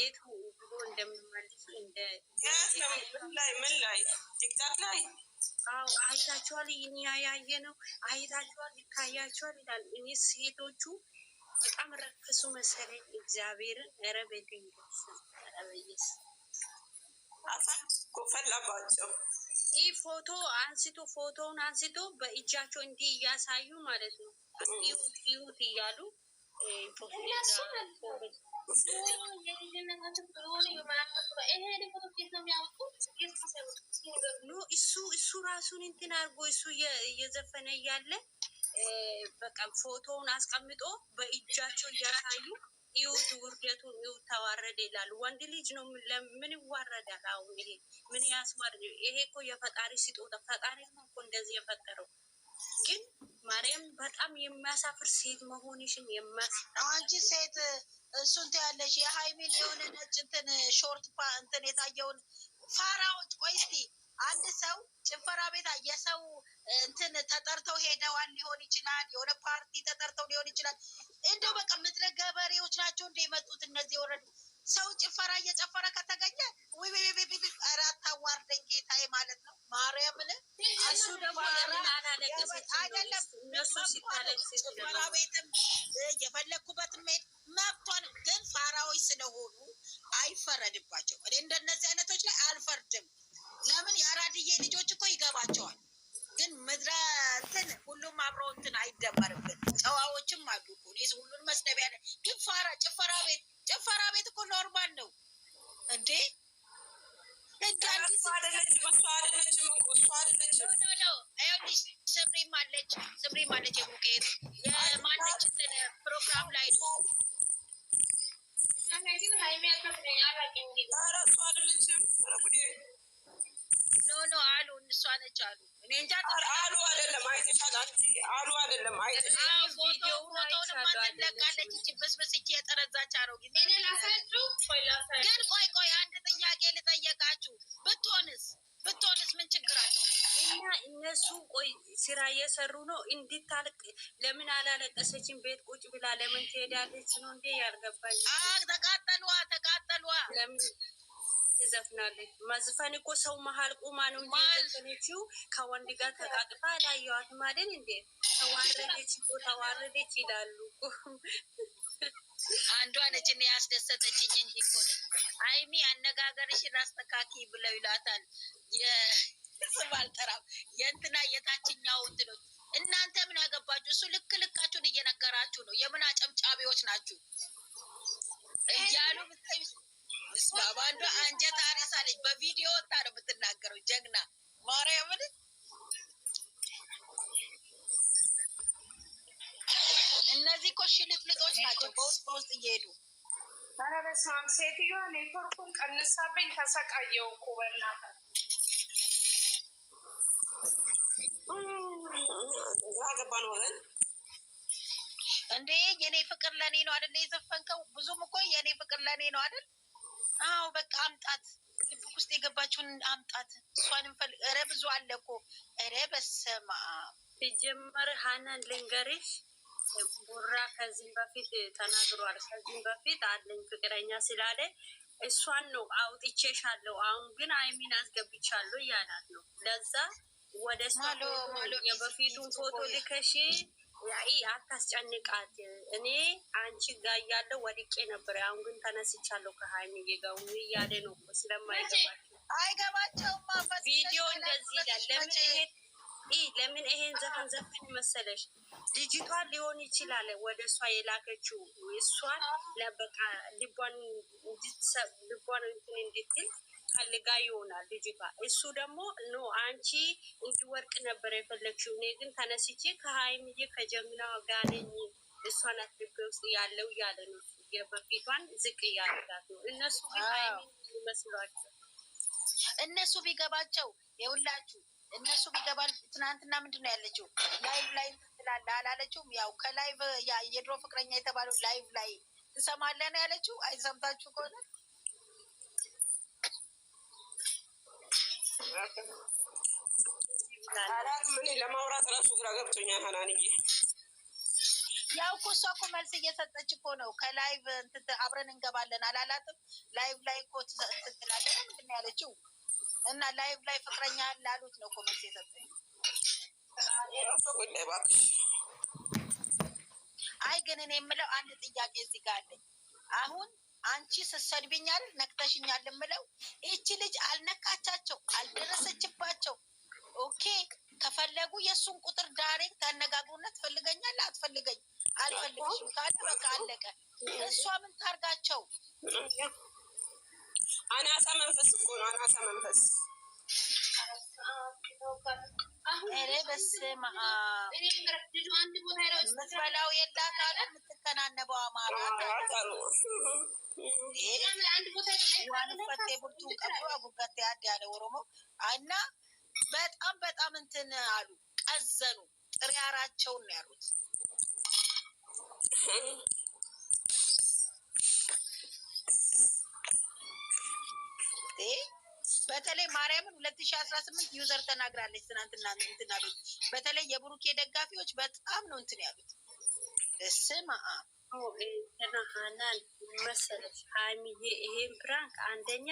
እንዴት ብሎ እንደምመልሱ ላይ ምን ላይ ቲክታክ ላይ አዎ አይታችኋል፣ ይህን ነው አይታችኋል፣ ይታያችኋል ይላል። እኔ ሴቶቹ በጣም ረከሱ መሰለኝ። እግዚአብሔርን ረበየስ ፈላባቸው ይህ ፎቶ አንስቶ ፎቶውን አንስቶ በእጃቸው እንዲህ እያሳዩ ማለት ነው ይሁት ይሁት እያሉ እሱ እሱ ራሱን እንትን አድርጎ እሱ እየዘፈነ እያለ በቃ ፎቶውን አስቀምጦ በእጃቸው እያሳዩ ይሁት ውርደቱን ይሁት ተዋረደ ይላሉ። ወንድ ልጅ ነው ምን ይዋረዳል? አሁን ይሄ ምን ያስዋርድ? ይሄ እኮ የፈጣሪ ስጦታ ፈጣሪ ነው እኮ እንደዚህ የፈጠረው ግን ማርያም በጣም የሚያሳፍር ሴት መሆንሽን የማስጠላ አንቺ ሴት እሱን ትያለሽ። የሀይሚን የሆነ ነጭ እንትን ሾርት እንትን የታየውን ፋራዎች። ቆይ እስኪ አንድ ሰው ጭፈራ ቤት የሰው እንትን ተጠርተው ሄደዋል ሊሆን ይችላል። የሆነ ፓርቲ ተጠርተው ሊሆን ይችላል። እንደው በቃ ምድረ ገበሬዎች ናቸው እንደ የመጡት እነዚህ የወረዱ ሰው ጭፈራ እየጨፈረ ከተገኘ ዊ ኧረ ጌታዬ ማለት ነው ማርያምን እሱ ደግሞ ለምን አላለቀሰች? አይደለም የፈለግኩበት መብቷን፣ ግን ፋራዎች ስለሆኑ አይፈረድባቸው ማለት የሙቄ የማነች ፕሮግራም ላይ ነው። ኖ ኖ አሉ እሷ ነች አሉ። እኔ እንጃ አሉ አይደለም፣ አይተሻል አሉ አይደለም፣ አይተሻል ፎቶውን ማን እቺ በስበስቺ የጠረዛች አሮጊት ግን ቆይ ቆይ ቆይ ስራ እየሰሩ ነው። እንድታልቅ ለምን አላለቀሰችን? ቤት ቁጭ ብላ ለምን ትሄዳለች? ነው እንዴ ያልገባኝ። ተቃጠሏ ተቃጠሏ ለምን ትዘፍናለች? መዝፈን እኮ ሰው መሀል ቁማ ነው እንጂ ዘፈነችው ከወንድ ጋር ተቃቅፋ አላየዋት ማለን እንዴ። ተዋረደች እኮ ተዋረደች ይላሉ። አንዷ ነች እኔ ያስደሰተችኝ እንጂ እኮ አይሚ አነጋገርሽን አስተካኪ ብለው ይላታል። ስም አልጠራም። የእንትና የታችኛው እንትኖች እናንተ ምን ያገባችሁ? እሱ ልክ ልካችሁን እየነገራችሁ ነው። የምን አጨምጫቢዎች ናችሁ እያሉ ባባንዶ አንጀት አሪሳለች። በቪዲዮ ወጣ ነው የምትናገረው። ጀግና ማርያምን እነዚህ እኮ ሽልጥልጦች ናቸው። በውስጥ በውስጥ እየሄዱ ኧረ በስመ አብ ሴትዮዋ ኔትወርኩን ቀንሳብኝ ተሰቃየው እኮ በእናትህ ገባን ወገን እንዴ የኔ ፍቅር ለኔ ነው አይደል? የዘፈንከው ብዙም እኮ የኔ ፍቅር ለኔ ነው አይደል? አዎ በቃ አምጣት፣ ልብክ ውስጥ የገባችውን አምጣት። እሷንም ፈል ረ ብዙ አለ እኮ ረ በሰማ ሲጀመር ሀናን ልንገርሽ፣ ቡራ ከዚህም በፊት ተናግሯል። ከዚህም በፊት አለኝ ፍቅረኛ ስላለ እሷን ነው አውጥቼሻለሁ፣ አሁን ግን አይሚን አስገብቻለሁ እያላት ነው ለዛ ወደ የበፊቱን ፎቶ ልከሽ ይ አታስጨንቃት። እኔ አንቺ ጋ እያለሁ ወድቄ ነበር፣ አሁን ግን ተነስቻለሁ። ከሀይሚዬ ጋር እያለ ነው ስለማይገባቸው ቪዲዮ እንደዚህ ይላል። ለምን ይሄን ለምን ይሄን ዘፈን ዘፈን መሰለሽ? ልጅቷን ሊሆን ይችላል ወደ እሷ የላከችው እሷን ለበቃ ልቧን ልቧን እንትን እንድትል ፈልጋ ይሆናል ልጅቷ። እሱ ደግሞ ኖ አንቺ ወርቅ ነበር የፈለግሽው፣ እኔ ግን ተነስቼ ከሀይምዬ ከጀምና ጋነኝ እሷን አትቤ ውስጥ ያለው እያለ ነው። የበፊቷን ዝቅ እያደጋት ነው። እነሱ ይመስሏቸው እነሱ ቢገባቸው የውላችሁ እነሱ ቢገባ ትናንትና ምንድን ነው ያለችው? ላይቭ ላይ ትላለ አላለችውም? ያው ከላይቭ የድሮ ፍቅረኛ የተባለው ላይቭ ላይ ትሰማለህ ነው ያለችው። አይሰምታችሁ ከሆነ ምን ለማውራት ራሱ ግራ ገብቶኛል። ሀናንዬ ያው እኮ እሷ እኮ መልስ እየሰጠች እኮ ነው። ከላይቭ እንትን አብረን እንገባለን አላላትም። ላይቭ ላይ እኮ እንትን ትላለህ ምንድን ነው ያለችው? እና ላይቭ ላይ ፍቅረኛ ላሉት ነው እኮ መልስ የሰጠኝ። አይ ግን እኔ የምለው አንድ ጥያቄ እዚህ ጋር አለኝ አሁን አንቺ ስትሰድቢኛል ነቅተሽኛል የምለው ይቺ ልጅ አልነካቻቸው፣ አልደረሰችባቸው። ኦኬ ከፈለጉ የእሱን ቁጥር ዳይሬክት አነጋግሩና ትፈልገኛለህ፣ አትፈልገኝ፣ አልፈልግሽም ካለ በቃ አለቀ። እሷም ዋንፈቴ እና በጣም በጣም እንትን አሉ፣ ቀዘኑ። ጥሪያራቸውን ነው ያሉት። በተለይ ማርያምን ሁለት ሺ አስራ ስምንት ዩዘር ተናግራለች ትናንትና እንትና በተለይ የብሩኬ ደጋፊዎች በጣም ነው እንትን ያሉት። ስማ ተናሃናን መሰለች ሀይሚዬ። ይሄን ፕራንክ አንደኛ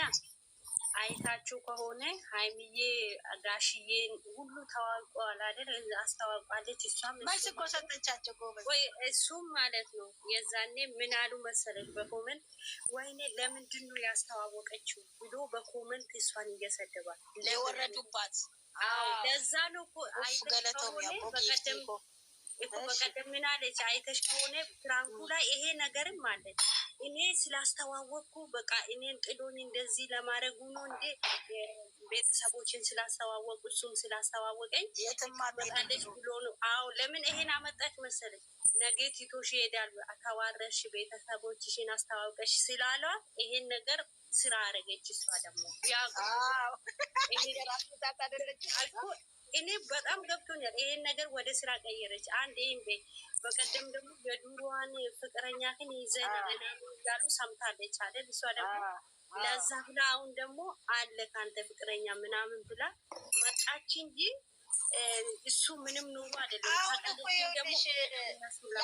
አይታችሁ ከሆነ ሀይሚዬ ጋሽዬን ሁሉ ታዋውቋል አይደል? አስተዋውቃለች። እሷም መልስ እኮ ሰጠቻቸው ወይ እሱም ማለት ነው። የዛኔ ምን አሉ መሰለች በኮመንት ወይኔ ለምንድን ነው ያስተዋወቀችው ብሎ በኮመንት እሷን እየሰደባል ለወረዱባት። ለዛ ነው እኮ አይተች በቀደም እኮ በቀደም ምን አለች አይተሽ ከሆነ ፍራንኩ ላይ ይሄ ነገርም አለ እኔ ስላስተዋወቅኩ በቃ እኔን ጥሎን እንደዚህ ለማድረጉ ነው እንዴ ቤተሰቦችን ስላስተዋወቁ እሱም ስላስተዋወቀኝ ትመጣለች ብሎ ነው። አዎ ለምን ይሄን አመጣች መሰለች። ነገ ቲቶሽ ይሄዳል አተዋረሽ ቤተሰቦችሽን አስተዋውቀሽ ስላሏት ይሄን ነገር ስራ አረገች። እሷ ደግሞ ያው እኔ በጣም ገብቶኛል። ይሄን ነገር ወደ ስራ ቀየረች። አንድ ይህን ቤ በቀደም ደግሞ የዱሮዋን ፍቅረኛ ግን ይዘን እያሉ ሰምታለች አለ እሷ ደግሞ ለዛ ብላ አሁን ደግሞ አለ ከአንተ ፍቅረኛ ምናምን ብላ መጣች እንጂ እሱ ምንም ኑሮ አይደለም።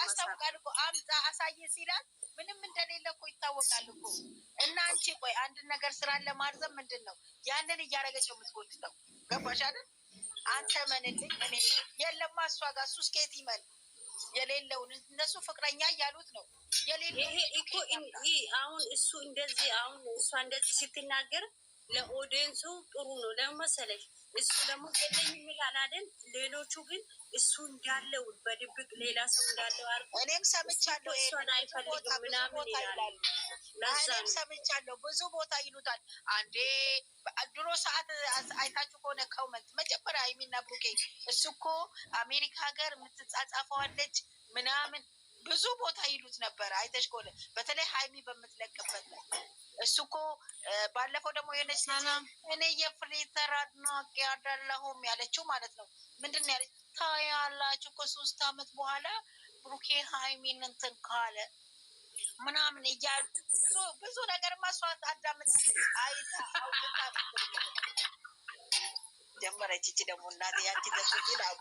ያስታውቃል እኮ አምጣ አሳየ ሲላል ምንም እንደሌለ እኮ ይታወቃል እኮ። እና አንቺ ቆይ አንድን ነገር ስራን ለማርዘም ምንድን ነው ያንን እያደረገች ነው የምትጎትተው። ገባሽ አይደል? አንተ መንልኝ እኔ የለማ እሷ ጋር እሱ እስኬት ይመን የሌለውን እነሱ ፍቅረኛ እያሉት ነው። የሌለው ይሄ እኮ አሁን እሱ እንደዚህ አሁን እሷ እንደዚህ ስትናገር ለኦዲየንሱ ጥሩ ነው ለመሰለሽ። እሱ ደግሞ ገለኝ ይላል አይደል? ሌሎቹ ግን እሱ እንዳለው በድብቅ ሌላ ሰው እንዳለው አርጎ እኔም ሰምቻለሁ። ይሄን አይፈልግም ምናምን ይላሉ። እኔም ሰምቻለሁ። ብዙ ቦታ ይሉታል። አንዴ ድሮ ሰዓት አይታችሁ ከሆነ ከውመንት መጀመሪያ የሚና እሱ እኮ አሜሪካ ሀገር የምትጻጻፈዋለች ምናምን ብዙ ቦታ ይሉት ነበረ። አይተሽ ከሆነ በተለይ ሀይሚ በምትለቅበት እሱ እኮ ባለፈው ደግሞ የሆነች እኔ የፍሪተር አድናቂ አይደለሁም ያለችው ማለት ነው። ምንድን ያለች ታያላችሁ፣ ከሶስት አመት በኋላ ብሩኬ ሀይሚን እንትን ካለ ምናምን እያሉ ብዙ ነገር ማስዋት አዳምት አይታ አውጥታ ጀመረች። ይቺ ደግሞ እናቴ ያንቺ ደሱ ይላሉ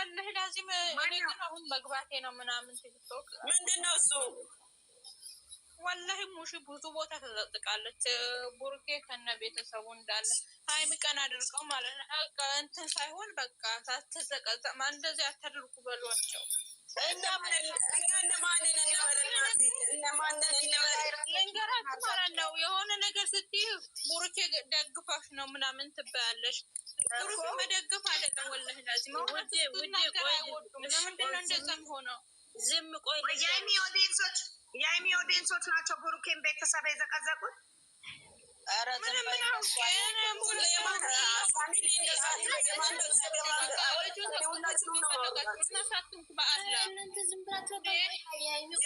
ወላሂ ላዚም አሁን መግባቴ ነው ምናምን ምንድን ነው እሱ ወላሂ ሙሽ ብዙ ቦታ ተዘጥቃለች። ቡርኬ ከነ ቤተሰቡ እንዳለ ሀይሚ ቀን አድርገው ማለት ነው። እንትን ሳይሆን በቃ ሳትዘቀዘቅ እንደዚህ አታድርጉ በሏቸው። ልንገራችሁ ማለት ነው የሆነ ነገር ስትይ ቡሩኬ ደግፋሽ ነው ምናምን ትበያለሽ። ቡሩኬ መደገፍ አይደለም። ወላሂ ላዚም ነገር ዝም ቆይ፣ የሀይሚ ናቸው ቡሩኬን ቤተሰብ የዘቀዘቁት።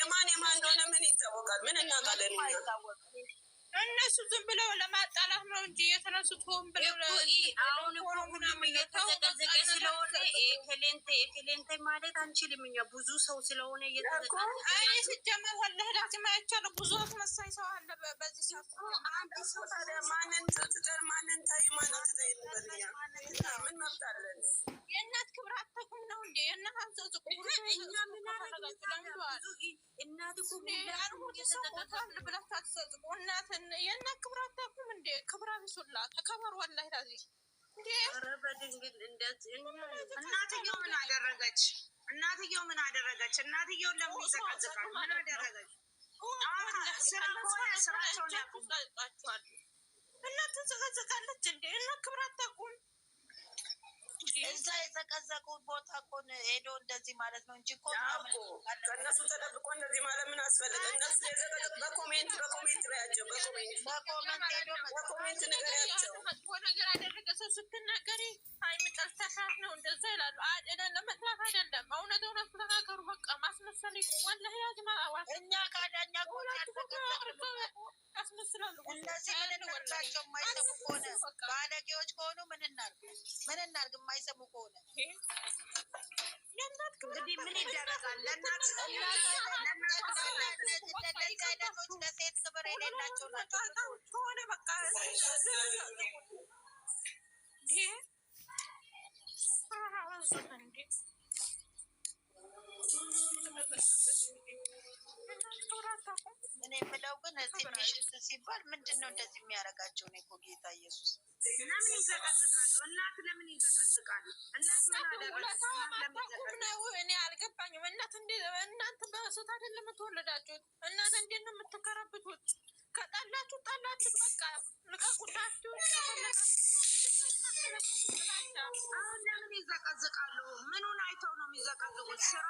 የማን የማን እንደሆነ ምን ይታወቃል? ምን እናውቃለን? እነሱ ዝም ብለው ለማጣላት ነው እንጂ የተነሱት ሆን ብለው አሁን ሁሉም እየተዘቀዘቀ ስለሆነ ክሌንተ ክሌንተ ማለት አንችልም። እኛ ብዙ ሰው ስለሆነ እየተዘቀዘቀ ስጀመር ወለህዳት ማይቻለ ብዙ አስመሳይ ሰው አለ። በዚህ ሰአንድ ሰው ታዲያ ማንን ትጠር ማንን ታይ ማንን ትጠይቅ ምን መብት አለን? የእናት ክብር አታውቁም ነው እንዴ? የእናት አንዘዝ ቁረ እኛ የእናት ክብር አታውቁም እንዴ? ክብር አብሱላ ተከበሩ። ወላሂ ታዚ እናትየው ምን አደረገች? እናትየው ምን አደረገች? እናትየውን ለምን ይዘቀዝቃል? ምን አደረገች? ስራቸውን ያቁም። እናት ትዘቀዝቃለች እንዴ? እናት ክብር አታውቁም እዛ የዘቀዘቁት ቦታ እኮ ሄዶ እንደዚህ ማለት ነው እንጂ እኮ ከእነሱ ተደብቆ እንደዚህ ማለት ምን አስፈለገ? እነሱ የዘቀዘቁት በኮሜንት በኮሜንት በያቸው በኮሜንት ንገሪያቸው። መጥፎ ነገር አደረገ ሰው ስትናገሪ ሀይሚ ጠልተሻት ነው እንደዛ ይላሉ። አይደለም ለመጥላት አይደለም፣ እውነት እውነት ተናገሩ። በቃ ማስመሰል ይቆማል። ለህያጅ ማዋል እኛ ካዳኛ ያስመስላሉ። እነዚህ ምን እናርጋቸው? የማይሰሙ ከሆነ ባለጌዎች ከሆኑ ምን እናርግ? ምን እናርግ? የማይሰሙ የምትጠቀሙ ከሆነ እንግዲህ ምን ይደረጋል? አይነቶች ለሴት ክብር የሌላቸው ናቸው ከሆነ በቃ እኔ የምለው ግን ትንሽ ሲባል ምንድን ነው እንደዚህ የሚያደርጋቸው? እኔ እኮ ጌታ ኢየሱስ ለምን ይዘጋል? እናት ለምን ይዘጋል? ያስቃል። እኔ አልገባኝም። እናት እናንተ በስት አይደለም የምትወለዳችሁት? እናት እንዴት ነው የምትከረብቱት? ከጠላችሁ ጠላችሁ፣ በቃ ልቀቁላችሁ። አሁን ለምን ይዘቀዝቃሉ? ምኑን አይተው ነው የሚዘቀዝቁት? ስራ